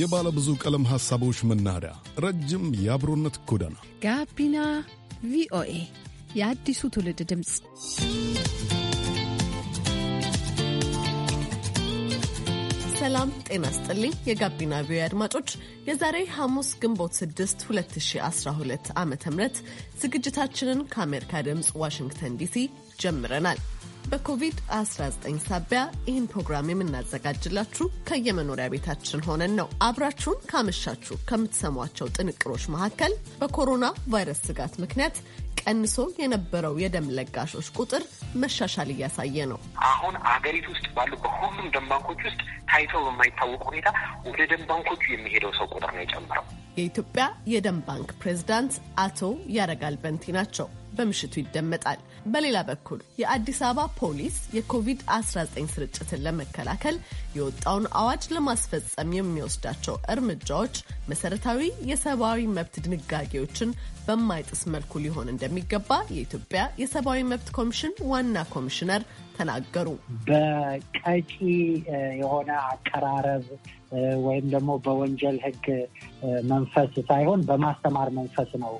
የባለ ብዙ ቀለም ሐሳቦች መናኸሪያ፣ ረጅም የአብሮነት ጎዳና ጋቢና ቪኦኤ የአዲሱ ትውልድ ድምፅ። ሰላም ጤና ስጥልኝ። የጋቢና ቪኦኤ አድማጮች የዛሬ ሐሙስ ግንቦት 6 2012 ዓ ም ዝግጅታችንን ከአሜሪካ ድምፅ ዋሽንግተን ዲሲ ጀምረናል። በኮቪድ-19 ሳቢያ ይህን ፕሮግራም የምናዘጋጅላችሁ ከየመኖሪያ ቤታችን ሆነን ነው። አብራችሁን ካመሻችሁ ከምትሰሟቸው ጥንቅሮች መካከል በኮሮና ቫይረስ ስጋት ምክንያት ቀንሶ የነበረው የደም ለጋሾች ቁጥር መሻሻል እያሳየ ነው። አሁን አገሪቱ ውስጥ ባሉ በሁሉም ደም ባንኮች ውስጥ ታይቶ በማይታወቅ ሁኔታ ወደ ደም ባንኮቹ የሚሄደው ሰው ቁጥር ነው የጨመረው። የኢትዮጵያ የደም ባንክ ፕሬዝዳንት አቶ ያረጋል በንቲ ናቸው። በምሽቱ ይደመጣል። በሌላ በኩል የአዲስ አበባ ፖሊስ የኮቪድ-19 ስርጭትን ለመከላከል የወጣውን አዋጅ ለማስፈጸም የሚወስዳቸው እርምጃዎች መሰረታዊ የሰብአዊ መብት ድንጋጌዎችን በማይጥስ መልኩ ሊሆን እንደሚገባ የኢትዮጵያ የሰብአዊ መብት ኮሚሽን ዋና ኮሚሽነር ተናገሩ። በቀጪ የሆነ አቀራረብ ወይም ደግሞ በወንጀል ሕግ መንፈስ ሳይሆን በማስተማር መንፈስ ነው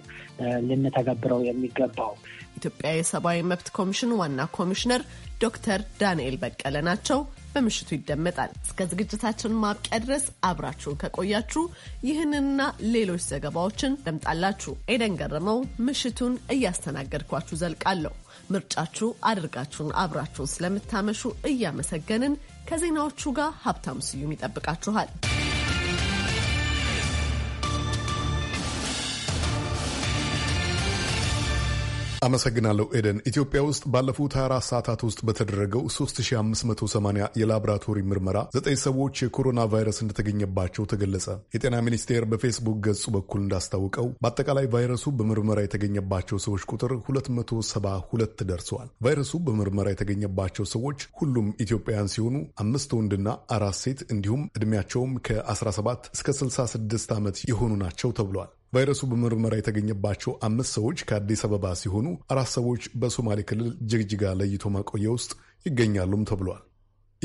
ልንተገብረው የሚገባው። ኢትዮጵያ የሰብአዊ መብት ኮሚሽን ዋና ኮሚሽነር ዶክተር ዳንኤል በቀለ ናቸው። በምሽቱ ይደመጣል። እስከ ዝግጅታችን ማብቂያ ድረስ አብራችሁን ከቆያችሁ ይህንና ሌሎች ዘገባዎችን ደምጣላችሁ። ኤደን ገረመው ምሽቱን እያስተናገድኳችሁ ዘልቃለሁ። ምርጫችሁ አድርጋችሁን አብራችሁን ስለምታመሹ እያመሰገንን ከዜናዎቹ ጋር ሀብታም ስዩም ይጠብቃችኋል። አመሰግናለሁ ኤደን። ኢትዮጵያ ውስጥ ባለፉት 24 ሰዓታት ውስጥ በተደረገው 3580 የላቦራቶሪ ምርመራ ዘጠኝ ሰዎች የኮሮና ቫይረስ እንደተገኘባቸው ተገለጸ። የጤና ሚኒስቴር በፌስቡክ ገጹ በኩል እንዳስታወቀው በአጠቃላይ ቫይረሱ በምርመራ የተገኘባቸው ሰዎች ቁጥር 272 ደርሰዋል። ቫይረሱ በምርመራ የተገኘባቸው ሰዎች ሁሉም ኢትዮጵያውያን ሲሆኑ አምስት ወንድና አራት ሴት እንዲሁም ዕድሜያቸውም ከ17 እስከ 66 ዓመት የሆኑ ናቸው ተብሏል። ቫይረሱ በምርመራ የተገኘባቸው አምስት ሰዎች ከአዲስ አበባ ሲሆኑ አራት ሰዎች በሶማሌ ክልል ጅግጅጋ ለይቶ ማቆያ ውስጥ ይገኛሉም ተብሏል።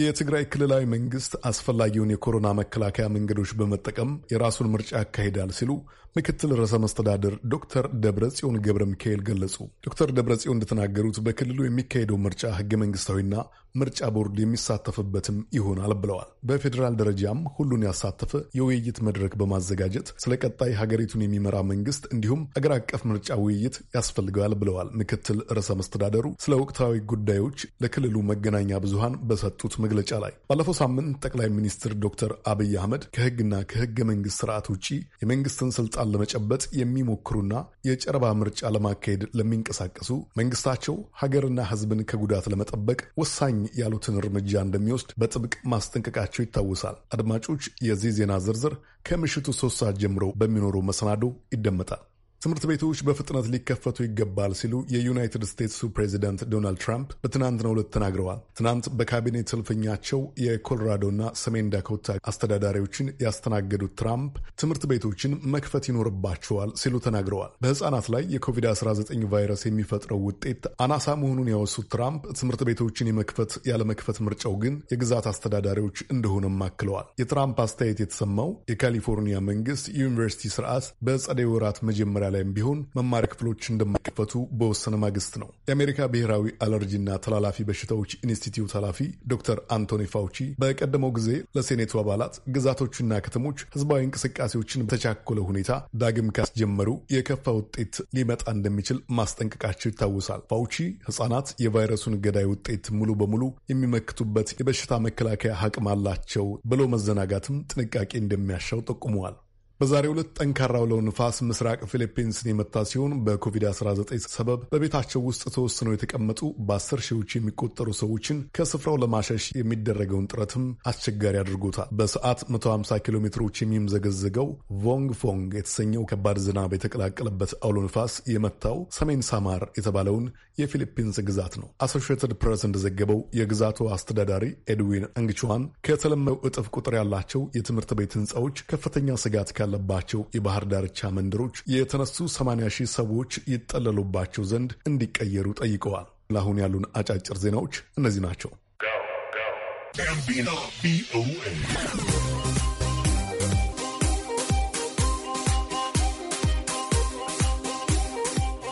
የትግራይ ክልላዊ መንግስት አስፈላጊውን የኮሮና መከላከያ መንገዶች በመጠቀም የራሱን ምርጫ ያካሂዳል ሲሉ ምክትል ርዕሰ መስተዳድር ዶክተር ደብረጽዮን ገብረ ሚካኤል ገለጹ። ዶክተር ደብረጽዮን እንደተናገሩት በክልሉ የሚካሄደው ምርጫ ህገ መንግስታዊና ምርጫ ቦርድ የሚሳተፍበትም ይሆናል ብለዋል። በፌዴራል ደረጃም ሁሉን ያሳተፈ የውይይት መድረክ በማዘጋጀት ስለ ቀጣይ ሀገሪቱን የሚመራ መንግስት እንዲሁም አገር አቀፍ ምርጫ ውይይት ያስፈልገዋል ብለዋል። ምክትል ርዕሰ መስተዳደሩ ስለ ወቅታዊ ጉዳዮች ለክልሉ መገናኛ ብዙሃን በሰጡት መግለጫ ላይ ባለፈው ሳምንት ጠቅላይ ሚኒስትር ዶክተር አብይ አህመድ ከህግና ከህገ መንግስት ስርዓት ውጪ የመንግስትን ስልጣን ስልጣን ለመጨበጥ የሚሞክሩና የጨረባ ምርጫ ለማካሄድ ለሚንቀሳቀሱ መንግስታቸው ሀገርና ህዝብን ከጉዳት ለመጠበቅ ወሳኝ ያሉትን እርምጃ እንደሚወስድ በጥብቅ ማስጠንቀቃቸው ይታወሳል። አድማጮች፣ የዚህ ዜና ዝርዝር ከምሽቱ ሶስት ሰዓት ጀምሮ በሚኖረው መሰናዶ ይደመጣል። ትምህርት ቤቶች በፍጥነት ሊከፈቱ ይገባል ሲሉ የዩናይትድ ስቴትሱ ፕሬዚደንት ዶናልድ ትራምፕ በትናንትናው ዕለት ተናግረዋል። ትናንት በካቢኔት ሰልፈኛቸው የኮሎራዶና ሰሜን ዳኮታ አስተዳዳሪዎችን ያስተናገዱት ትራምፕ ትምህርት ቤቶችን መክፈት ይኖርባቸዋል ሲሉ ተናግረዋል። በሕፃናት ላይ የኮቪድ-19 ቫይረስ የሚፈጥረው ውጤት አናሳ መሆኑን ያወሱት ትራምፕ ትምህርት ቤቶችን የመክፈት ያለመክፈት ምርጫው ግን የግዛት አስተዳዳሪዎች እንደሆነም አክለዋል። የትራምፕ አስተያየት የተሰማው የካሊፎርኒያ መንግስት የዩኒቨርሲቲ ስርዓት በጸደይ ወራት መጀመሪያ ላይም ቢሆን መማሪያ ክፍሎች እንደማይከፈቱ በወሰነ ማግስት ነው። የአሜሪካ ብሔራዊ አለርጂና ተላላፊ በሽታዎች ኢንስቲትዩት ኃላፊ ዶክተር አንቶኒ ፋውቺ በቀደመው ጊዜ ለሴኔቱ አባላት ግዛቶችና ከተሞች ህዝባዊ እንቅስቃሴዎችን በተቻኮለ ሁኔታ ዳግም ካስጀመሩ የከፋ ውጤት ሊመጣ እንደሚችል ማስጠንቀቃቸው ይታወሳል። ፋውቺ ህጻናት የቫይረሱን ገዳይ ውጤት ሙሉ በሙሉ የሚመክቱበት የበሽታ መከላከያ አቅም አላቸው ብሎ መዘናጋትም ጥንቃቄ እንደሚያሻው ጠቁመዋል። በዛሬ ሁለት ጠንካራ አውሎ ንፋስ ምስራቅ ፊሊፒንስን የመታ ሲሆን በኮቪድ-19 ሰበብ በቤታቸው ውስጥ ተወስነው የተቀመጡ በአስር ሺዎች የሚቆጠሩ ሰዎችን ከስፍራው ለማሸሽ የሚደረገውን ጥረትም አስቸጋሪ አድርጎታል። በሰዓት 150 ኪሎ ሜትሮች የሚምዘገዘገው ቮንግ ፎንግ የተሰኘው ከባድ ዝናብ የተቀላቀለበት አውሎ ንፋስ የመታው ሰሜን ሳማር የተባለውን የፊሊፒንስ ግዛት ነው። አሶሽትድ ፕሬስ እንደዘገበው የግዛቱ አስተዳዳሪ ኤድዊን አንግቹዋን ከተለመደው እጥፍ ቁጥር ያላቸው የትምህርት ቤት ህንፃዎች ከፍተኛ ስጋት ካለባቸው የባህር ዳርቻ መንደሮች የተነሱ 80 ሺህ ሰዎች ይጠለሉባቸው ዘንድ እንዲቀየሩ ጠይቀዋል። ለአሁን ያሉን አጫጭር ዜናዎች እነዚህ ናቸው።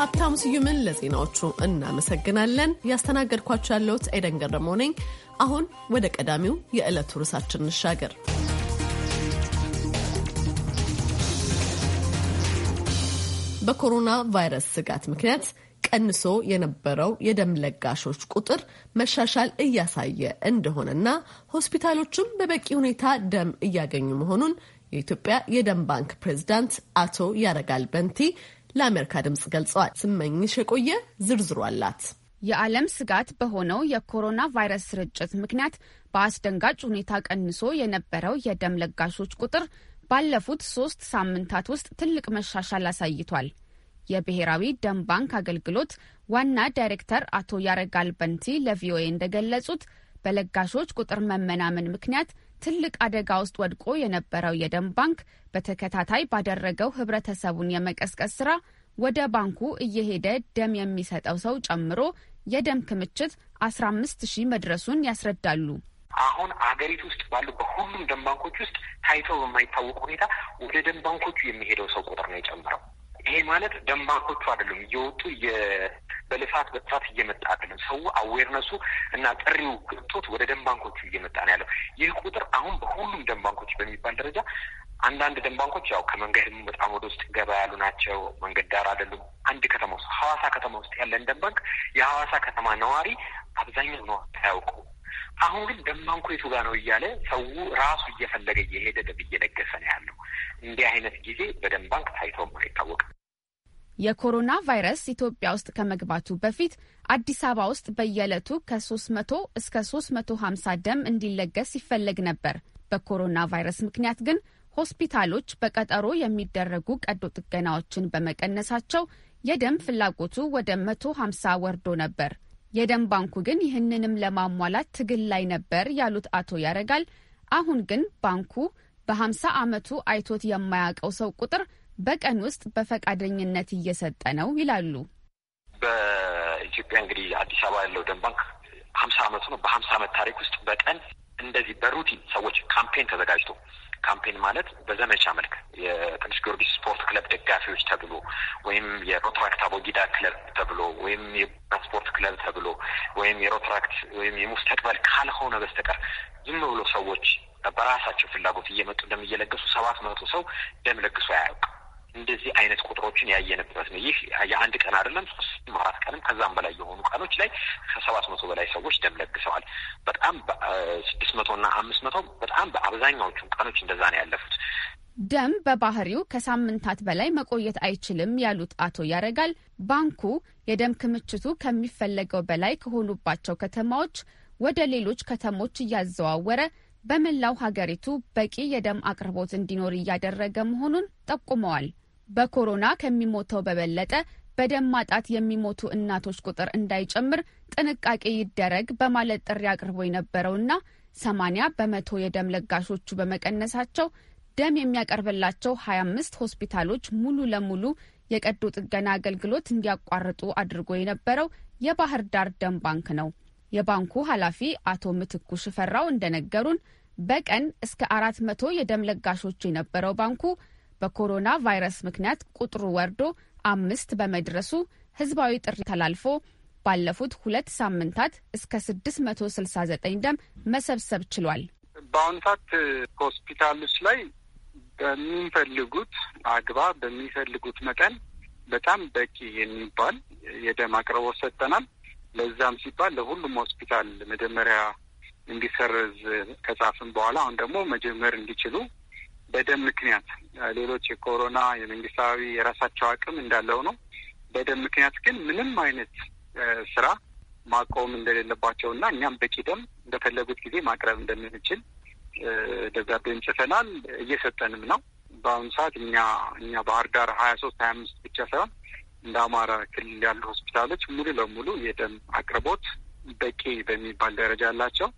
ሀብታሙ ስዩምን ለዜናዎቹ እናመሰግናለን። ያስተናገድኳቸው ያለሁት ኤደን ገረመው ነኝ። አሁን ወደ ቀዳሚው የዕለቱ ርዕሳችን እንሻገር። በኮሮና ቫይረስ ስጋት ምክንያት ቀንሶ የነበረው የደም ለጋሾች ቁጥር መሻሻል እያሳየ እንደሆነና ሆስፒታሎቹም በበቂ ሁኔታ ደም እያገኙ መሆኑን የኢትዮጵያ የደም ባንክ ፕሬዝዳንት አቶ ያረጋል በንቲ ለአሜሪካ ድምጽ ገልጸዋል። ስመኝሽ የቆየ ዝርዝሩ አላት። የዓለም ስጋት በሆነው የኮሮና ቫይረስ ስርጭት ምክንያት በአስደንጋጭ ሁኔታ ቀንሶ የነበረው የደም ለጋሾች ቁጥር ባለፉት ሶስት ሳምንታት ውስጥ ትልቅ መሻሻል አሳይቷል። የብሔራዊ ደም ባንክ አገልግሎት ዋና ዳይሬክተር አቶ ያረጋል በንቲ ለቪኦኤ እንደገለጹት በለጋሾች ቁጥር መመናመን ምክንያት ትልቅ አደጋ ውስጥ ወድቆ የነበረው የደም ባንክ በተከታታይ ባደረገው ህብረተሰቡን የመቀስቀስ ስራ ወደ ባንኩ እየሄደ ደም የሚሰጠው ሰው ጨምሮ የደም ክምችት 15 ሺህ መድረሱን ያስረዳሉ። አሁን አገሪቱ ውስጥ ባሉ በሁሉም ደን ባንኮች ውስጥ ታይተው በማይታወቅ ሁኔታ ወደ ደን ባንኮቹ የሚሄደው ሰው ቁጥር ነው የጨመረው። ይሄ ማለት ደን ባንኮቹ አይደሉም እየወጡ በልፋት በጥፋት እየመጣ አይደለም። ሰው አዌርነሱ እና ጥሪው ገብቶት ወደ ደን ባንኮቹ እየመጣ ነው ያለው። ይህ ቁጥር አሁን በሁሉም ደን ባንኮች በሚባል ደረጃ አንዳንድ ደን ባንኮች ያው ከመንገድ በጣም ወደ ውስጥ ገባ ያሉ ናቸው። መንገድ ዳር አይደሉም። አንድ ከተማ ውስጥ ሀዋሳ ከተማ ውስጥ ያለን ደን ባንክ የሀዋሳ ከተማ ነዋሪ አብዛኛው ነው አያውቁ አሁን ግን ደማንኩቱ ጋር ነው እያለ ሰው ራሱ እየፈለገ እየሄደ ደብ እየነገሰ ነው ያለው። እንዲህ አይነት ጊዜ በደም ባንክ ታይቶም አይታወቅም። የኮሮና ቫይረስ ኢትዮጵያ ውስጥ ከመግባቱ በፊት አዲስ አበባ ውስጥ በየዕለቱ ከ300 እስከ 350 ደም እንዲለገስ ይፈለግ ነበር። በኮሮና ቫይረስ ምክንያት ግን ሆስፒታሎች በቀጠሮ የሚደረጉ ቀዶ ጥገናዎችን በመቀነሳቸው የደም ፍላጎቱ ወደ 150 ወርዶ ነበር። የደም ባንኩ ግን ይህንንም ለማሟላት ትግል ላይ ነበር ያሉት አቶ ያረጋል፣ አሁን ግን ባንኩ በ50 ዓመቱ አይቶት የማያውቀው ሰው ቁጥር በቀን ውስጥ በፈቃደኝነት እየሰጠ ነው ይላሉ። በኢትዮጵያ እንግዲህ አዲስ አበባ ያለው ደም ባንክ ሀምሳ አመቱ ነው። በሀምሳ ዓመት ታሪክ ውስጥ በቀን እንደዚህ በሩቲን ሰዎች ካምፔን ተዘጋጅቶ ካምፔን ማለት በዘመቻ መልክ የትንሽ ጊዮርጊስ ስፖርት ክለብ ደጋፊዎች ተብሎ ወይም የሮትራክት አቦጊዳ ክለብ ተብሎ ወይም የስፖርት ክለብ ተብሎ ወይም የሮትራክት ወይም የሙስተቅበል ካልሆነ በስተቀር ዝም ብሎ ሰዎች በራሳቸው ፍላጎት እየመጡ ደም እየለገሱ ሰባት መቶ ሰው ደም ለግሶ አያውቅም። እንደዚህ አይነት ቁጥሮችን ያየንበት ነው። ይህ የአንድ ቀን አይደለም፣ ሶስትም አራት ቀንም ከዛም በላይ የሆኑ ቀኖች ላይ ከሰባት መቶ በላይ ሰዎች ደም ለግሰዋል። በጣም ስድስት መቶ እና አምስት መቶ በጣም በአብዛኛዎቹ ቀኖች እንደዛ ነው ያለፉት። ደም በባህሪው ከሳምንታት በላይ መቆየት አይችልም ያሉት አቶ ያረጋል ባንኩ የደም ክምችቱ ከሚፈለገው በላይ ከሆኑባቸው ከተማዎች ወደ ሌሎች ከተሞች እያዘዋወረ በመላው ሀገሪቱ በቂ የደም አቅርቦት እንዲኖር እያደረገ መሆኑን ጠቁመዋል። በኮሮና ከሚሞተው በበለጠ በደም ማጣት የሚሞቱ እናቶች ቁጥር እንዳይጨምር ጥንቃቄ ይደረግ በማለት ጥሪ አቅርቦ የነበረውና ሰማኒያ በመቶ የደም ለጋሾቹ በመቀነሳቸው ደም የሚያቀርብላቸው ሀያ አምስት ሆስፒታሎች ሙሉ ለሙሉ የቀዶ ጥገና አገልግሎት እንዲያቋርጡ አድርጎ የነበረው የባህር ዳር ደም ባንክ ነው። የባንኩ ኃላፊ አቶ ምትኩ ሽፈራው እንደነገሩን በቀን እስከ አራት መቶ የደም ለጋሾች የነበረው ባንኩ በኮሮና ቫይረስ ምክንያት ቁጥሩ ወርዶ አምስት በመድረሱ ህዝባዊ ጥሪ ተላልፎ ባለፉት ሁለት ሳምንታት እስከ 669 ደም መሰብሰብ ችሏል። በአሁኑ ሰዓት ሆስፒታሎች ላይ በሚፈልጉት አግባብ በሚፈልጉት መጠን በጣም በቂ የሚባል የደም አቅርቦት ሰጠናል። ለዛም ሲባል ለሁሉም ሆስፒታል መጀመሪያ እንዲሰረዝ ከጻፍን በኋላ አሁን ደግሞ መጀመር እንዲችሉ በደም ምክንያት ሌሎች የኮሮና የመንግስታዊ የራሳቸው አቅም እንዳለው ነው። በደም ምክንያት ግን ምንም አይነት ስራ ማቆም እንደሌለባቸው እና እኛም በቂ ደም በፈለጉት ጊዜ ማቅረብ እንደምንችል ደብዳቤም ጽፈናል እየሰጠንም ነው። በአሁኑ ሰዓት እኛ እኛ ባህር ዳር ሀያ ሶስት ሀያ አምስት ብቻ ሳይሆን እንደ አማራ ክልል ያሉ ሆስፒታሎች ሙሉ ለሙሉ የደም አቅርቦት በቂ በሚባል ደረጃ አላቸው።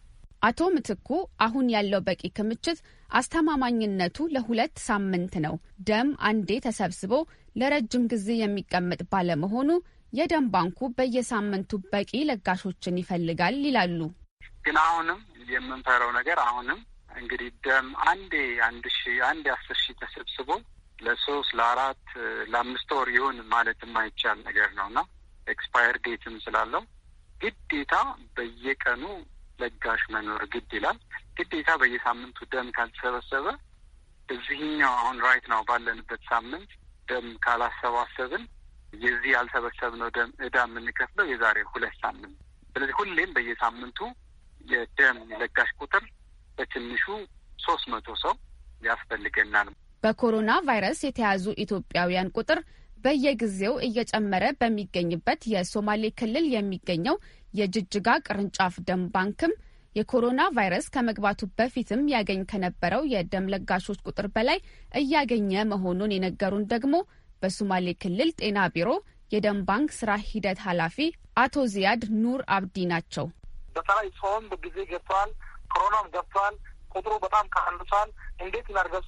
አቶ ምትኩ አሁን ያለው በቂ ክምችት አስተማማኝነቱ ለሁለት ሳምንት ነው። ደም አንዴ ተሰብስቦ ለረጅም ጊዜ የሚቀመጥ ባለመሆኑ የደም ባንኩ በየሳምንቱ በቂ ለጋሾችን ይፈልጋል ይላሉ። ግን አሁንም የምንፈረው ነገር አሁንም እንግዲህ ደም አንዴ አንድ ሺ አንድ አስር ሺህ ተሰብስቦ ለሶስት ለአራት ለአምስት ወር ይሁን ማለት የማይቻል ነገር ነው እና ኤክስፓየር ዴትም ስላለው ግዴታ በየቀኑ ለጋሽ መኖር ግድ ይላል። ግዴታ በየሳምንቱ ደም ካልተሰበሰበ እዚህኛው አሁን ራይት ነው ባለንበት ሳምንት ደም ካላሰባሰብን የዚህ ያልሰበሰብነው ደም እዳ የምንከፍለው የዛሬ ሁለት ሳምንት። ስለዚህ ሁሌም በየሳምንቱ የደም ለጋሽ ቁጥር በትንሹ ሶስት መቶ ሰው ያስፈልገናል። በኮሮና ቫይረስ የተያዙ ኢትዮጵያውያን ቁጥር በየጊዜው እየጨመረ በሚገኝበት የሶማሌ ክልል የሚገኘው የጅጅጋ ቅርንጫፍ ደም ባንክም የኮሮና ቫይረስ ከመግባቱ በፊትም ያገኝ ከነበረው የደም ለጋሾች ቁጥር በላይ እያገኘ መሆኑን የነገሩን ደግሞ በሶማሌ ክልል ጤና ቢሮ የደም ባንክ ስራ ሂደት ኃላፊ አቶ ዚያድ ኑር አብዲ ናቸው። በተለይ ሰውም በጊዜ ገብተዋል፣ ኮሮናም ገብተዋል። ቁጥሩ በጣም ቀንሷል። እንዴት እናድርገው?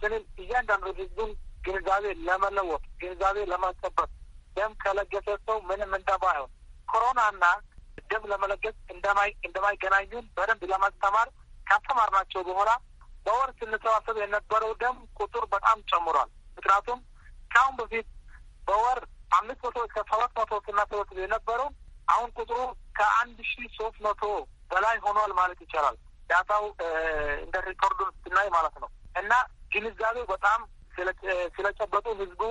እያንዳንዱ ህዝቡን ግንዛቤ ለመለወጥ ግንዛቤ ለማስጨበጥ ደም ከለገሰ ሰው ምንም እንደባይሆን ኮሮናና ደም ለመለገስ እንደማይገናኙን በደንብ ለማስተማር ካስተማርናቸው በኋላ በወር ስንሰባሰብ የነበረው ደም ቁጥር በጣም ጨምሯል። ምክንያቱም ከአሁን በፊት በወር አምስት መቶ እስከ ሰባት መቶ ስናሰበስብ የነበረው አሁን ቁጥሩ ከአንድ ሺ ሶስት መቶ በላይ ሆኗል ማለት ይቻላል። ዳታው እንደ ሪኮርዱ ስናይ ማለት ነው እና ግንዛቤው በጣም ስለጨበጡ ህዝቡ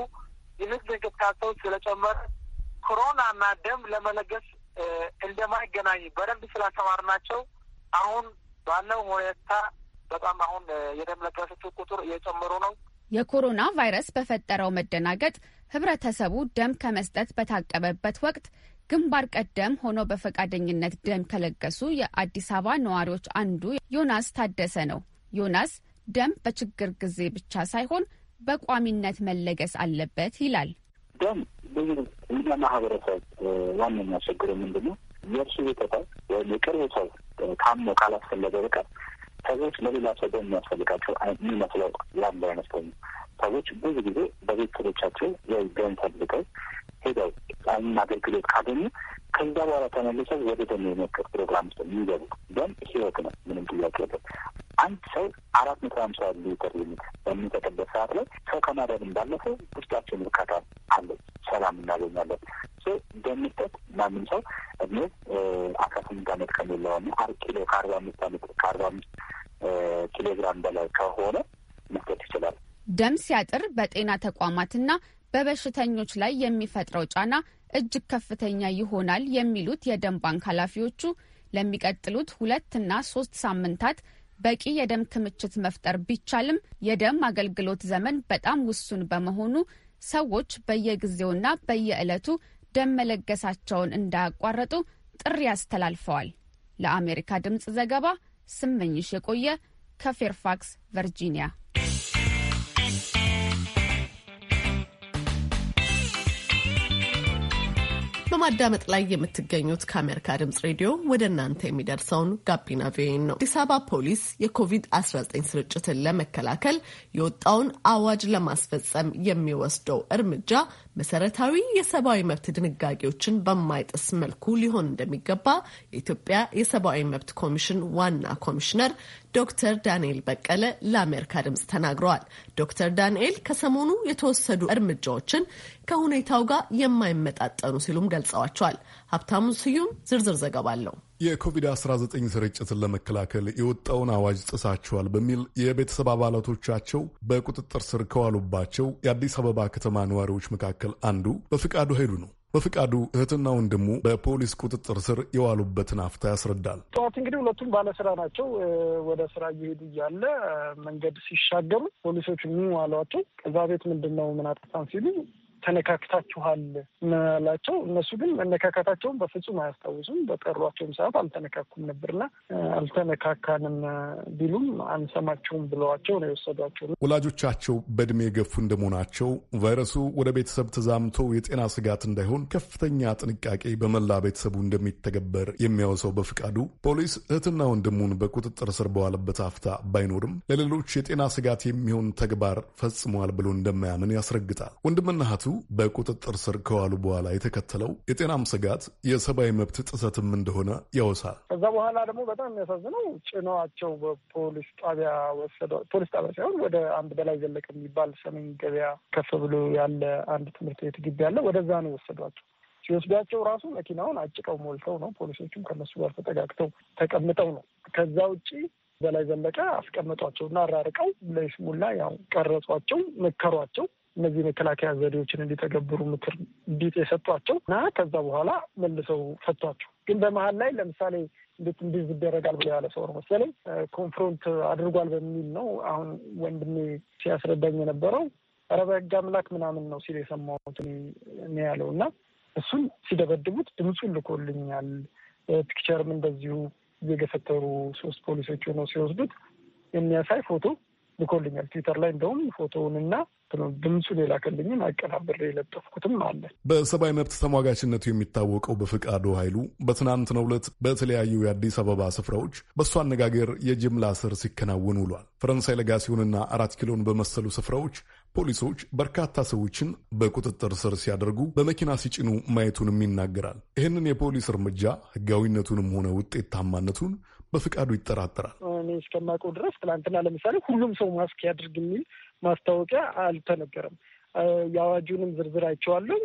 የንግድ እንቅስቃሴው ስለጨመረ ኮሮና እና ደም ለመለገስ እንደማይገናኝ በደንብ ናቸው አሁን ባለው ሁኔታ በጣም አሁን የደም ለጋሾቹ ቁጥር እየጨመሩ ነው። የኮሮና ቫይረስ በፈጠረው መደናገጥ ህብረተሰቡ ደም ከመስጠት በታቀበበት ወቅት ግንባር ቀደም ሆኖ በፈቃደኝነት ደም ከለገሱ የአዲስ አበባ ነዋሪዎች አንዱ ዮናስ ታደሰ ነው። ዮናስ ደም በችግር ጊዜ ብቻ ሳይሆን በቋሚነት መለገስ አለበት ይላል። ደም ብዙ እኛ ማህበረሰብ ዋነኛ ችግር ምንድን ነው? የእርሱ ቤተሰብ ወይም የቅርብ ሰው ታሞ ካላስፈለገ በቀር ሰዎች ለሌላ ሰው በሚያስፈልጋቸው የሚመስለው ያለ አይመስለኝም። ሰዎች ብዙ ጊዜ በቤተሰቦቻቸው ገንዘብ ልቀው ሄደው ጣይን አገልግሎት ካገኙ ከዛ በኋላ ተመልሰው ወደ ደም የመቀት ፕሮግራም ውስጥ የሚገቡ ደም ህይወት ነው። ምንም ጥያቄ የለም። አንድ ሰው አራት መቶ ሀምሳ ሊትር ሊሚት በሚጠቅበት ሰዓት ላይ ሰው ከማዳንም ባለፈ ውስጣችን እርካታ አለ፣ ሰላም እናገኛለን። ደም መስጠት ማንም ሰው እድሜ አስራ ስምንት አመት ከሚለውና አር ኪሎ ከአርባ አምስት አመት ከአርባ አምስት ኪሎግራም በላይ ከሆነ መስጠት ይችላል። ደም ሲያጥር በጤና ተቋማትና በበሽተኞች ላይ የሚፈጥረው ጫና እጅግ ከፍተኛ ይሆናል የሚሉት የደም ባንክ ኃላፊዎቹ ለሚቀጥሉት ሁለትና ሶስት ሳምንታት በቂ የደም ክምችት መፍጠር ቢቻልም የደም አገልግሎት ዘመን በጣም ውሱን በመሆኑ ሰዎች በየጊዜውና በየዕለቱ ደም መለገሳቸውን እንዳያቋረጡ ጥሪ አስተላልፈዋል። ለአሜሪካ ድምፅ ዘገባ ስመኝሽ የቆየ ከፌርፋክስ ቨርጂኒያ። በማዳመጥ ላይ የምትገኙት ከአሜሪካ ድምጽ ሬዲዮ ወደ እናንተ የሚደርሰውን ጋቢና ቪኦኤ ነው። አዲስ አበባ ፖሊስ የኮቪድ-19 ስርጭትን ለመከላከል የወጣውን አዋጅ ለማስፈጸም የሚወስደው እርምጃ መሰረታዊ የሰብአዊ መብት ድንጋጌዎችን በማይጥስ መልኩ ሊሆን እንደሚገባ የኢትዮጵያ የሰብአዊ መብት ኮሚሽን ዋና ኮሚሽነር ዶክተር ዳንኤል በቀለ ለአሜሪካ ድምፅ ተናግረዋል። ዶክተር ዳንኤል ከሰሞኑ የተወሰዱ እርምጃዎችን ከሁኔታው ጋር የማይመጣጠኑ ሲሉም ገልጸዋቸዋል። ሀብታሙ ስዩም ዝርዝር ዘገባ አለው። የኮቪድ-19 ስርጭትን ለመከላከል የወጣውን አዋጅ ጥሳችኋል በሚል የቤተሰብ አባላቶቻቸው በቁጥጥር ስር ከዋሉባቸው የአዲስ አበባ ከተማ ነዋሪዎች መካከል አንዱ በፍቃዱ ኃይሉ ነው። በፍቃዱ እህትና ወንድሙ በፖሊስ ቁጥጥር ስር የዋሉበትን አፍታ ያስረዳል። ጠዋት እንግዲህ ሁለቱም ባለስራ ናቸው። ወደ ስራ እየሄዱ እያለ መንገድ ሲሻገሩ ፖሊሶች ምን አሏቸው። ከዛ ቤት ምንድን ነው ምን አጠፋን ሲሉ ተነካክታችኋል ምናላቸው። እነሱ ግን መነካካታቸውን በፍጹም አያስታውሱም። በጠሯቸውም ሰዓት አልተነካኩም ነበርና አልተነካካንም ቢሉም አንሰማቸውም ብለዋቸው ነው የወሰዷቸው። ወላጆቻቸው በእድሜ የገፉ እንደመሆናቸው ቫይረሱ ወደ ቤተሰብ ተዛምቶ የጤና ስጋት እንዳይሆን ከፍተኛ ጥንቃቄ በመላ ቤተሰቡ እንደሚተገበር የሚያወሰው በፍቃዱ ፖሊስ እህትና ወንድሙን በቁጥጥር ስር በዋለበት አፍታ ባይኖርም ለሌሎች የጤና ስጋት የሚሆን ተግባር ፈጽሟል ብሎ እንደማያምን ያስረግጣል። ወንድምና እህቱ በቁጥጥር ስር ከዋሉ በኋላ የተከተለው የጤናም ስጋት የሰብአዊ መብት ጥሰትም እንደሆነ ያወሳል። ከዛ በኋላ ደግሞ በጣም የሚያሳዝነው ጭነዋቸው በፖሊስ ጣቢያ ወሰደው። ፖሊስ ጣቢያ ሳይሆን ወደ አንድ በላይ ዘለቀ የሚባል ሰሜን ገበያ ከፍ ብሎ ያለ አንድ ትምህርት ቤት ግቢ ያለ ወደዛ ነው ወሰዷቸው። ሲወስዷቸው ራሱ መኪናውን አጭቀው ሞልተው ነው። ፖሊሶቹም ከነሱ ጋር ተጠጋግተው ተቀምጠው ነው። ከዛ ውጪ በላይ ዘለቀ አስቀመጧቸው እና አራርቀው ለይስሙላ ያው ቀረጿቸው፣ መከሯቸው። እነዚህ መከላከያ ዘዴዎችን እንዲተገብሩ ምክር ቢጤ የሰጧቸው እና ከዛ በኋላ መልሰው ፈቷቸው። ግን በመሀል ላይ ለምሳሌ እንዴት እንዲህ ይደረጋል ብሎ ያለ ሰው ነው መሰለኝ ኮንፍሮንት አድርጓል በሚል ነው አሁን ወንድሜ ሲያስረዳኝ የነበረው ኧረ በሕግ አምላክ ምናምን ነው ሲል የሰማሁት እኔ ያለው እና እሱን ሲደበድቡት ድምፁን ልኮልኛል። ፒክቸርም እንደዚሁ እየገፈተሩ ሶስት ፖሊሶች ሆነው ሲወስዱት የሚያሳይ ፎቶ ልኮልኛል። ትዊተር ላይ እንደውም ፎቶውንና ድምፁን የላከልኝን አቀናብሬ የለጠፍኩትም አለ። በሰብአዊ መብት ተሟጋችነቱ የሚታወቀው በፍቃዱ ኃይሉ በትናንትናው ዕለት በተለያዩ የአዲስ አበባ ስፍራዎች በእሱ አነጋገር የጅምላ እስር ሲከናወን ውሏል። ፈረንሳይ ለጋሲዮንና አራት ኪሎን በመሰሉ ስፍራዎች ፖሊሶች በርካታ ሰዎችን በቁጥጥር ስር ሲያደርጉ በመኪና ሲጭኑ ማየቱንም ይናገራል። ይህንን የፖሊስ እርምጃ ሕጋዊነቱንም ሆነ ውጤታማነቱን በፍቃዱ ይጠራጠራል። እኔ እስከማውቀው ድረስ ትናንትና ለምሳሌ ሁሉም ሰው ማስክ ያድርግ የሚል ማስታወቂያ አልተነገረም። የአዋጁንም ዝርዝር አይቼዋለሁ።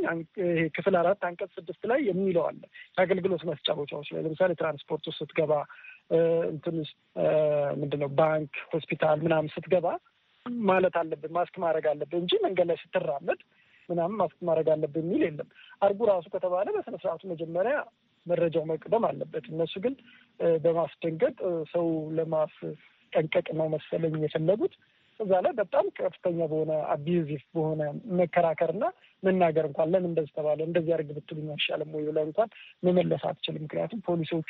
ይሄ ክፍል አራት አንቀጽ ስድስት ላይ የሚለው አለ። የአገልግሎት መስጫ ቦታዎች ላይ ለምሳሌ ትራንስፖርት ውስጥ ስትገባ፣ እንትን ውስጥ ባንክ፣ ሆስፒታል ምናምን ስትገባ ማለት አለብን ማስክ ማድረግ አለብን እንጂ መንገድ ላይ ስትራመድ ምናምን ማስክ ማድረግ አለብን የሚል የለም። አርጉ ራሱ ከተባለ በስነስርዓቱ መጀመሪያ መረጃው መቅደም አለበት። እነሱ ግን በማስደንገጥ ሰው ለማስጠንቀቅ ነው መሰለኝ የፈለጉት። እዛ ላይ በጣም ከፍተኛ በሆነ አቢዩዚቭ በሆነ መከራከርና መናገር እንኳን ለምን እንደዚህ ተባለ እንደዚህ አድርግ ብትሉ አይሻልም ወይ ብለህ እንኳን መመለስ አትችልም። ምክንያቱም ፖሊሶቹ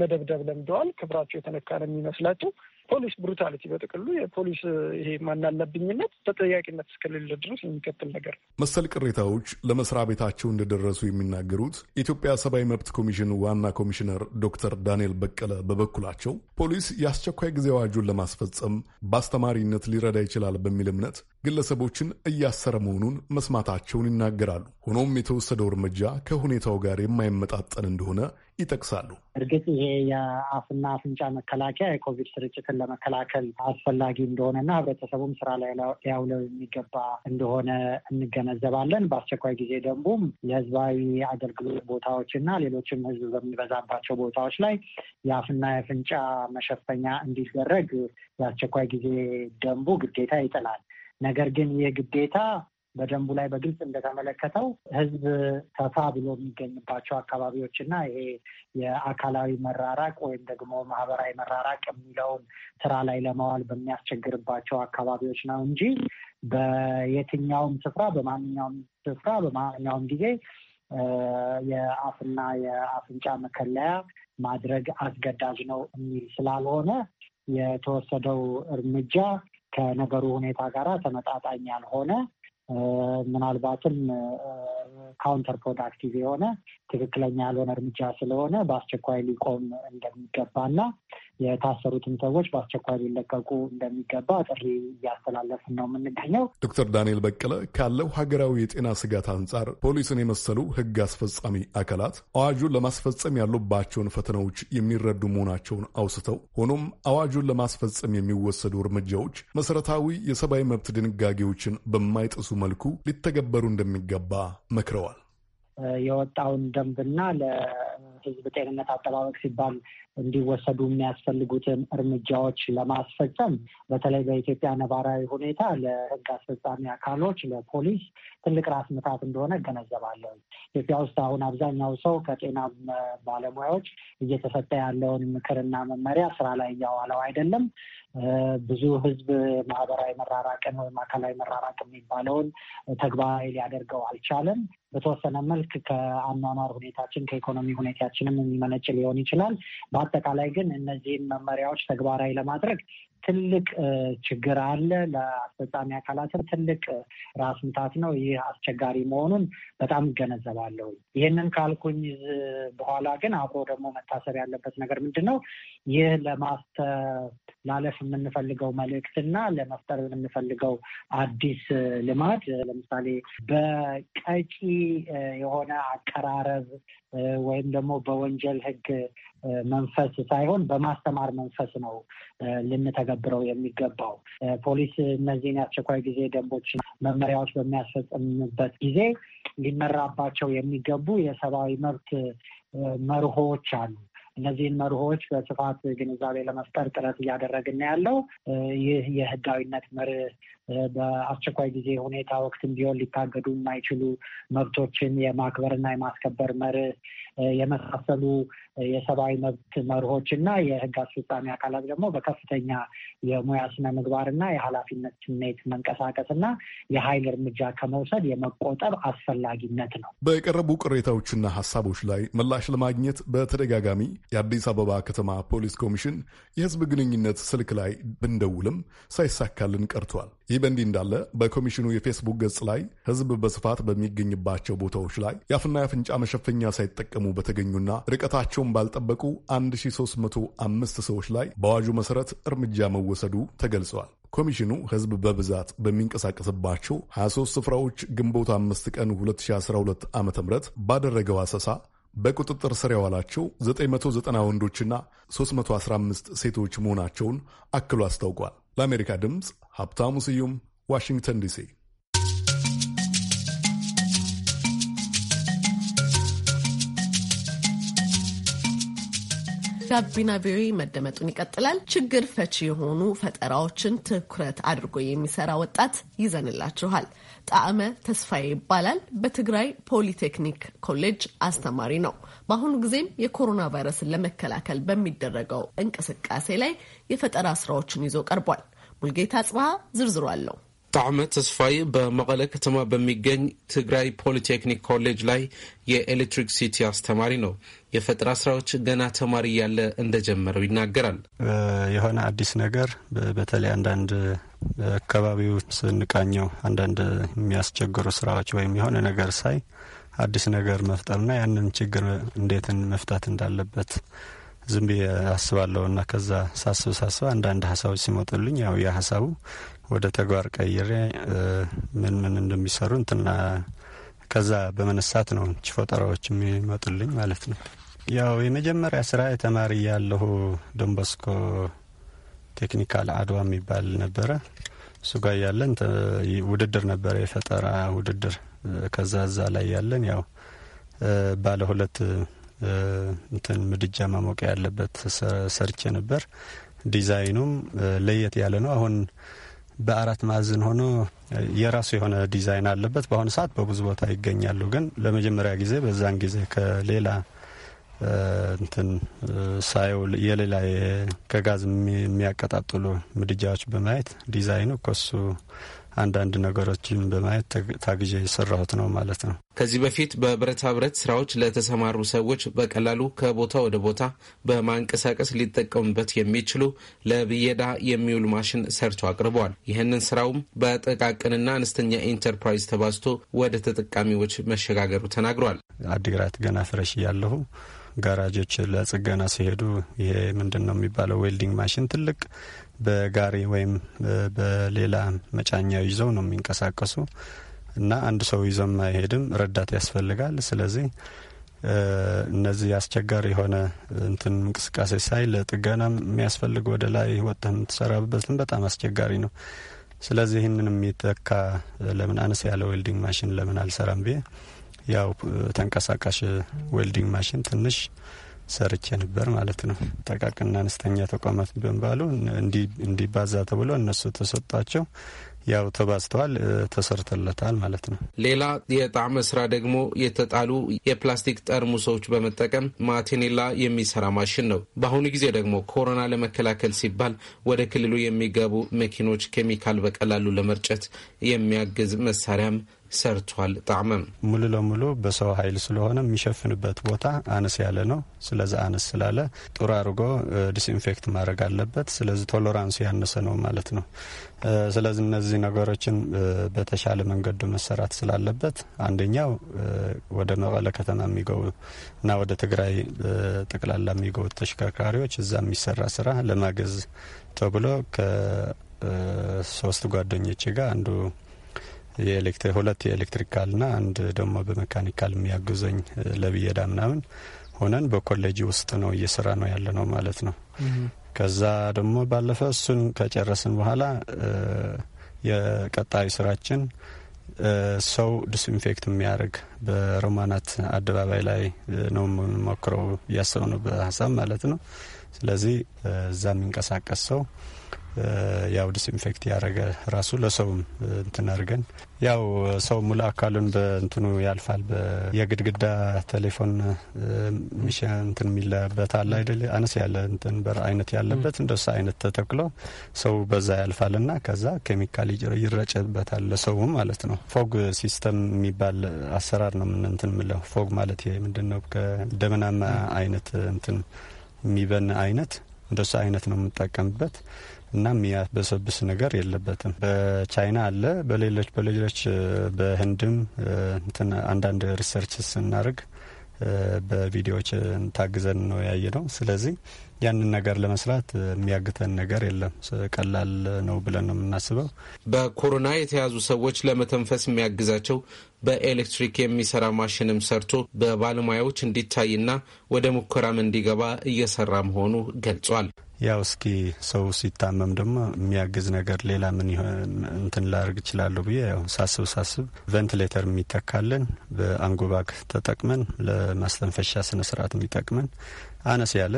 መደብደብ ለምደዋል። ክብራቸው የተነካ ነው የሚመስላቸው። ፖሊስ ብሩታሊቲ በጥቅሉ የፖሊስ ይሄ ማናለብኝነት ተጠያቂነት እስከሌለ ድረስ የሚቀጥል ነገር ነው። መሰል ቅሬታዎች ለመስሪያ ቤታቸው እንደደረሱ የሚናገሩት የኢትዮጵያ ሰብአዊ መብት ኮሚሽን ዋና ኮሚሽነር ዶክተር ዳንኤል በቀለ በበኩላቸው ፖሊስ የአስቸኳይ ጊዜ አዋጁን ለማስፈጸም በአስተማሪነት ሊረዳ ይችላል በሚል እምነት ግለሰቦችን እያሰረ መሆኑን መስማታቸውን ይናገራሉ። ሆኖም የተወሰደው እርምጃ ከሁኔታው ጋር የማይመጣጠን እንደሆነ ይጠቅሳሉ። እርግጥ ይሄ የአፍና አፍንጫ መከላከያ የኮቪድ ስርጭትን ለመከላከል አስፈላጊ እንደሆነና ህብረተሰቡም ስራ ላይ ሊያውለው የሚገባ እንደሆነ እንገነዘባለን። በአስቸኳይ ጊዜ ደንቡም የህዝባዊ አገልግሎት ቦታዎች እና ሌሎችም ህዝብ በሚበዛባቸው ቦታዎች ላይ የአፍና የፍንጫ መሸፈኛ እንዲደረግ የአስቸኳይ ጊዜ ደንቡ ግዴታ ይጥላል። ነገር ግን ይህ ግዴታ በደንቡ ላይ በግልጽ እንደተመለከተው ህዝብ ሰፋ ብሎ የሚገኝባቸው አካባቢዎች እና ይሄ የአካላዊ መራራቅ ወይም ደግሞ ማህበራዊ መራራቅ የሚለውን ስራ ላይ ለማዋል በሚያስቸግርባቸው አካባቢዎች ነው እንጂ በየትኛውም ስፍራ በማንኛውም ስፍራ በማንኛውም ጊዜ የአፍና የአፍንጫ መከለያ ማድረግ አስገዳጅ ነው የሚል ስላልሆነ የተወሰደው እርምጃ ከነገሩ ሁኔታ ጋር ተመጣጣኝ ያልሆነ ምናልባትም ካውንተር ፕሮዳክቲቭ የሆነ ትክክለኛ ያልሆነ እርምጃ ስለሆነ በአስቸኳይ ሊቆም እንደሚገባና የታሰሩትም ሰዎች በአስቸኳይ ሊለቀቁ እንደሚገባ ጥሪ እያስተላለፍን ነው የምንገኘው። ዶክተር ዳንኤል በቀለ ካለው ሀገራዊ የጤና ስጋት አንጻር ፖሊስን የመሰሉ ሕግ አስፈጻሚ አካላት አዋጁን ለማስፈጸም ያሉባቸውን ፈተናዎች የሚረዱ መሆናቸውን አውስተው ሆኖም አዋጁን ለማስፈጸም የሚወሰዱ እርምጃዎች መሰረታዊ የሰብአዊ መብት ድንጋጌዎችን በማይጥሱ መልኩ ሊተገበሩ እንደሚገባ መክረዋል። የወጣውን ደንብና ለህዝብ ጤንነት አጠባበቅ ሲባል እንዲወሰዱ የሚያስፈልጉትን እርምጃዎች ለማስፈጸም በተለይ በኢትዮጵያ ነባራዊ ሁኔታ ለህግ አስፈጻሚ አካሎች ለፖሊስ ትልቅ ራስ ምታት እንደሆነ እገነዘባለሁ። ኢትዮጵያ ውስጥ አሁን አብዛኛው ሰው ከጤና ባለሙያዎች እየተሰጠ ያለውን ምክርና መመሪያ ስራ ላይ እያዋለው አይደለም። ብዙ ህዝብ ማህበራዊ መራራቅን ወይም አካላዊ መራራቅ የሚባለውን ተግባራዊ ሊያደርገው አልቻለም። በተወሰነ መልክ ከአኗኗር ሁኔታችን ከኢኮኖሚ ሁኔታችንም የሚመነጭ ሊሆን ይችላል። በአጠቃላይ ግን እነዚህን መመሪያዎች ተግባራዊ ለማድረግ ትልቅ ችግር አለ። ለአስፈጻሚ አካላትም ትልቅ ራስ ምታት ነው። ይህ አስቸጋሪ መሆኑን በጣም እገነዘባለሁ። ይህንን ካልኩኝ በኋላ ግን አብሮ ደግሞ መታሰብ ያለበት ነገር ምንድን ነው? ይህ ለማስተላለፍ የምንፈልገው እና ለመፍጠር የምንፈልገው አዲስ ልማድ ለምሳሌ በቀጪ የሆነ አቀራረብ ወይም ደግሞ በወንጀል ሕግ መንፈስ ሳይሆን በማስተማር መንፈስ ነው ልንተገብረው የሚገባው። ፖሊስ እነዚህን የአስቸኳይ ጊዜ ደንቦች፣ መመሪያዎች በሚያስፈጽምበት ጊዜ ሊመራባቸው የሚገቡ የሰብአዊ መብት መርሆዎች አሉ። እነዚህን መርሆች በስፋት ግንዛቤ ለመፍጠር ጥረት እያደረግን ያለው ይህ የህጋዊነት መርህ በአስቸኳይ ጊዜ ሁኔታ ወቅትም ቢሆን ሊታገዱ የማይችሉ መብቶችን የማክበርና የማስከበር መርህ የመሳሰሉ የሰብአዊ መብት መርሆች እና የህግ አስፈጻሚ አካላት ደግሞ በከፍተኛ የሙያ ስነ ምግባር እና የኃላፊነት ስሜት መንቀሳቀስ እና የኃይል እርምጃ ከመውሰድ የመቆጠብ አስፈላጊነት ነው። በቀረቡ ቅሬታዎችና ሀሳቦች ላይ ምላሽ ለማግኘት በተደጋጋሚ የአዲስ አበባ ከተማ ፖሊስ ኮሚሽን የህዝብ ግንኙነት ስልክ ላይ ብንደውልም ሳይሳካልን ቀርቷል። በእንዲህ እንዳለ በኮሚሽኑ የፌስቡክ ገጽ ላይ ሕዝብ በስፋት በሚገኝባቸው ቦታዎች ላይ የአፍና የአፍንጫ መሸፈኛ ሳይጠቀሙ በተገኙና ርቀታቸውን ባልጠበቁ 1305 ሰዎች ላይ በአዋጁ መሠረት እርምጃ መወሰዱ ተገልጿል። ኮሚሽኑ ሕዝብ በብዛት በሚንቀሳቀስባቸው 23 ስፍራዎች ግንቦት 5 ቀን 2012 ዓ ም ባደረገው አሰሳ በቁጥጥር ስር የዋላቸው 990 ወንዶችና 315 ሴቶች መሆናቸውን አክሎ አስታውቋል። ለአሜሪካ ድምፅ ሀብታሙ ስዩም ዋሽንግተን ዲሲ። ጋቢና ቪኦኤ መደመጡን ይቀጥላል። ችግር ፈቺ የሆኑ ፈጠራዎችን ትኩረት አድርጎ የሚሰራ ወጣት ይዘንላችኋል። ጣዕመ ተስፋዬ ይባላል። በትግራይ ፖሊቴክኒክ ኮሌጅ አስተማሪ ነው። በአሁኑ ጊዜም የኮሮና ቫይረስን ለመከላከል በሚደረገው እንቅስቃሴ ላይ የፈጠራ ስራዎችን ይዞ ቀርቧል። ሙልጌታ ጽብሃ ዝርዝሩ አለው። ጣዕመ ተስፋዬ በመቀለ ከተማ በሚገኝ ትግራይ ፖሊቴክኒክ ኮሌጅ ላይ የኤሌክትሪክ ሲቲ አስተማሪ ነው። የፈጠራ ስራዎች ገና ተማሪ እያለ እንደጀመረው ይናገራል። የሆነ አዲስ ነገር በተለይ አንዳንድ አካባቢው ስንቃኘው አንዳንድ የሚያስቸግሩ ስራዎች ወይም የሆነ ነገር ሳይ አዲስ ነገር መፍጠርና ያንን ችግር እንዴትን መፍታት እንዳለበት ዝም ብዬ አስባለሁ እና ከዛ ሳስብ ሳስብ አንዳንድ ሀሳቦች ሲመጡልኝ ያው ያ ሀሳቡ ወደ ተግባር ቀይሬ ምን ምን እንደሚሰሩ እንትና ከዛ በመነሳት ነው ችፎጠራዎች የሚመጡልኝ ማለት ነው። ያው የመጀመሪያ ስራ የተማሪ ያለሁ ዶንባስኮ ቴክኒካል አድዋ የሚባል ነበረ። እሱ ጋር ያለን ውድድር ነበረ፣ የፈጠራ ውድድር። ከዛ እዛ ላይ ያለን ያው ባለ ሁለት እንትን ምድጃ ማሞቂያ ያለበት ሰርቼ ነበር። ዲዛይኑም ለየት ያለ ነው። አሁን በአራት ማዕዘን ሆኖ የራሱ የሆነ ዲዛይን አለበት። በአሁኑ ሰዓት በብዙ ቦታ ይገኛሉ። ግን ለመጀመሪያ ጊዜ በዛን ጊዜ ከሌላ እንትን ሳየው የሌላ ከጋዝ የሚያቀጣጥሉ ምድጃዎች በማየት ዲዛይኑ ከሱ አንዳንድ ነገሮችን በማየት ታግዤ የሰራሁት ነው ማለት ነው። ከዚህ በፊት በብረታ ብረት ስራዎች ለተሰማሩ ሰዎች በቀላሉ ከቦታ ወደ ቦታ በማንቀሳቀስ ሊጠቀሙበት የሚችሉ ለብየዳ የሚውል ማሽን ሰርቶ አቅርበዋል። ይህንን ስራውም በጥቃቅንና አነስተኛ ኢንተርፕራይዝ ተባዝቶ ወደ ተጠቃሚዎች መሸጋገሩ ተናግሯል። አዲግራት ገና ፍረሽ እያለሁ ጋራጆች ለጽገና ሲሄዱ ይሄ ምንድን ነው የሚባለው ዌልዲንግ ማሽን ትልቅ በጋሪ ወይም በሌላ መጫኛ ይዘው ነው የሚንቀሳቀሱ እና አንድ ሰው ይዘም አይሄድም፣ ረዳት ያስፈልጋል። ስለዚህ እነዚህ አስቸጋሪ የሆነ እንትን እንቅስቃሴ ሳይ ለጥገና የሚያስፈልግ ወደ ላይ ወጥተህ የምትሰራበትም በጣም አስቸጋሪ ነው። ስለዚህ ይህንን የሚተካ ለምን አነስ ያለ ዌልዲንግ ማሽን ለምን አልሰራም ብዬ ያው ተንቀሳቃሽ ዌልዲንግ ማሽን ትንሽ ሰርቼ ነበር ማለት ነው። ጠቃቅና አነስተኛ ተቋማት በመባሉ እንዲባዛ ተብሎ እነሱ ተሰጧቸው። ያው ተባዝተዋል፣ ተሰርተለታል ማለት ነው። ሌላ የጣዕመ ስራ ደግሞ የተጣሉ የፕላስቲክ ጠርሙሶች በመጠቀም ማቴኔላ የሚሰራ ማሽን ነው። በአሁኑ ጊዜ ደግሞ ኮሮና ለመከላከል ሲባል ወደ ክልሉ የሚገቡ መኪኖች ኬሚካል በቀላሉ ለመርጨት የሚያግዝ መሳሪያም ሰርቷል። ጣዕምም ሙሉ ለሙሉ በሰው ኃይል ስለሆነ የሚሸፍንበት ቦታ አነስ ያለ ነው። ስለዚ አነስ ስላለ ጥሩ አድርጎ ዲስኢንፌክት ማድረግ አለበት። ስለዚህ ቶሎራንሱ ያነሰ ነው ማለት ነው። ስለዚህ እነዚህ ነገሮችን በተሻለ መንገዱ መሰራት ስላለበት አንደኛው ወደ መቀለ ከተማ የሚገቡ እና ወደ ትግራይ ጠቅላላ የሚገቡ ተሽከርካሪዎች እዛ የሚሰራ ስራ ለማገዝ ተብሎ ከሶስት ጓደኞች ጋር አንዱ ሁለት የኤሌክትሪካልና አንድ ደግሞ በመካኒካል የሚያግዘኝ ለብየዳ ምናምን ሆነን በኮሌጅ ውስጥ ነው እየሰራ ነው ያለ ነው ማለት ነው። ከዛ ደግሞ ባለፈ እሱን ከጨረስን በኋላ የቀጣዩ ስራችን ሰው ዲስኢንፌክት የሚያደርግ በሮማናት አደባባይ ላይ ነው የምንሞክረው እያሰብነው በሀሳብ ማለት ነው። ስለዚህ እዛ የሚንቀሳቀስ ሰው ያው ዲስኢንፌክት ያደረገ ራሱ ለሰውም እንትን አድርገን ያው ሰው ሙሉ አካሉን በእንትኑ ያልፋል። የግድግዳ ቴሌፎን ሚሻ እንትን የሚለበት አለ አይደል? አነስ ያለ እንትን በር አይነት ያለበት እንደሱ አይነት ተተክሎ ሰው በዛ ያልፋል እና ከዛ ኬሚካል ይረጨበታል ለሰው ማለት ነው። ፎግ ሲስተም የሚባል አሰራር ነው ምን እንትን ምለው ፎግ ማለት ምንድን ነው? ከደመናማ አይነት እንትን የሚበን አይነት እንደሱ አይነት ነው የምንጠቀምበት እና የሚያበሰብስ ነገር የለበትም። በቻይና አለ፣ በሌሎች በሌሎች በህንድም እንትን አንዳንድ ሪሰርች ስናደርግ በቪዲዮዎች ታግዘን ነው ያየ ነው። ስለዚህ ያንን ነገር ለመስራት የሚያግተን ነገር የለም። ቀላል ነው ብለን ነው የምናስበው። በኮሮና የተያዙ ሰዎች ለመተንፈስ የሚያግዛቸው በኤሌክትሪክ የሚሰራ ማሽንም ሰርቶ በባለሙያዎች እንዲታይና ወደ ሙከራም እንዲገባ እየሰራ መሆኑ ገልጿል። ያው እስኪ ሰው ሲታመም ደግሞ የሚያግዝ ነገር ሌላ ምን እንትን ላደርግ እችላለሁ ብዬ ያው ሳስብ ሳስብ ቬንትሌተር የሚተካልን በአንጎባክ ተጠቅመን ለማስተንፈሻ ስነ ስርዓት የሚጠቅመን አነስ ያለ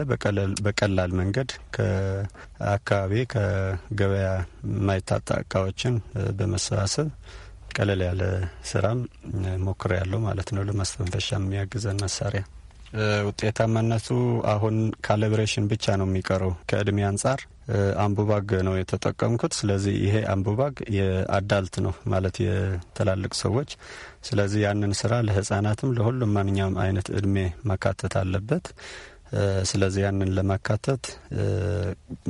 በቀላል መንገድ ከአካባቢ ከገበያ የማይታጣ እቃዎችን በመሰባሰብ ቀለል ያለ ስራም ሞክሬ ያለው ማለት ነው። ለማስተንፈሻ የሚያግዘን መሳሪያ ውጤታማነቱ አሁን ካሊብሬሽን ብቻ ነው የሚቀረው። ከእድሜ አንጻር አምቡባግ ነው የተጠቀምኩት። ስለዚህ ይሄ አምቡባግ የአዳልት ነው ማለት የትላልቅ ሰዎች። ስለዚህ ያንን ስራ ለህጻናትም ለሁሉም ማንኛውም አይነት እድሜ መካተት አለበት። ስለዚህ ያንን ለማካተት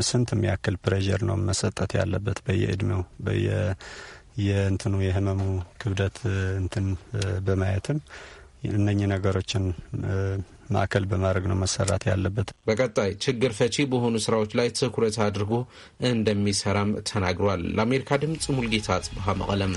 ስንት የሚያክል ፕሬዠር ነው መሰጠት ያለበት በየእድሜው በየ የእንትኑ የህመሙ ክብደት እንትን በማየትም እነኚህ ነገሮችን ማዕከል በማድረግ ነው መሰራት ያለበት። በቀጣይ ችግር ፈቺ በሆኑ ስራዎች ላይ ትኩረት አድርጎ እንደሚሰራም ተናግሯል። ለአሜሪካ ድምፅ ሙልጌታ ጽብሃ መቀለም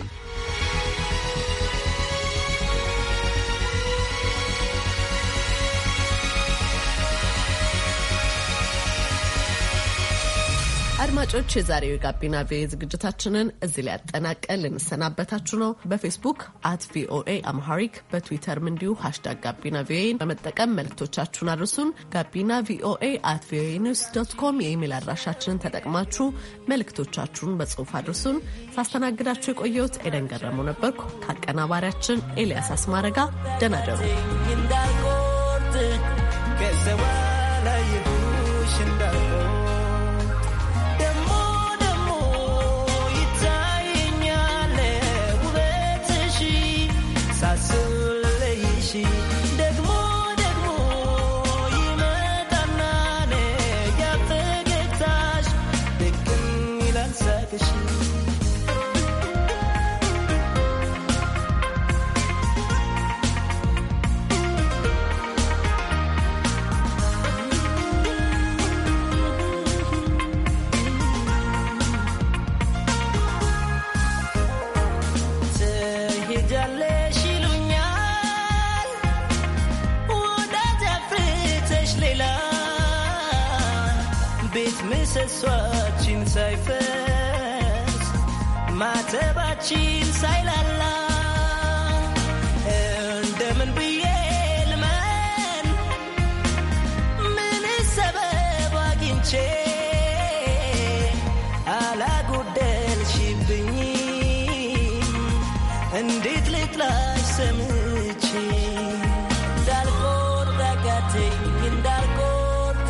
አድማጮች የዛሬው የጋቢና ቪኦኤ ዝግጅታችንን እዚህ ላይ ያጠናቀን ልንሰናበታችሁ ነው። በፌስቡክ አት ቪኦኤ አምሃሪክ በትዊተርም እንዲሁ ሀሽታግ ጋቢና ቪኦኤን በመጠቀም መልእክቶቻችሁን አድርሱን። ጋቢና ቪኦኤ አት ቪኦኤ ኒውስ ዶት ኮም የኢሜይል አድራሻችንን ተጠቅማችሁ መልእክቶቻችሁን በጽሁፍ አድርሱን። ሳስተናግዳችሁ የቆየሁት ኤደን ገረመው ነበርኩ ከአቀናባሪያችን ኤልያስ አስማረጋ ደናደሩ ሳይፈስ ማተባችን ሳይላላ እንደምን ብዬ ልመን ምን ሰበብ እንዴት ልጥላሽ ሰምቼ እንዳልቆርጥ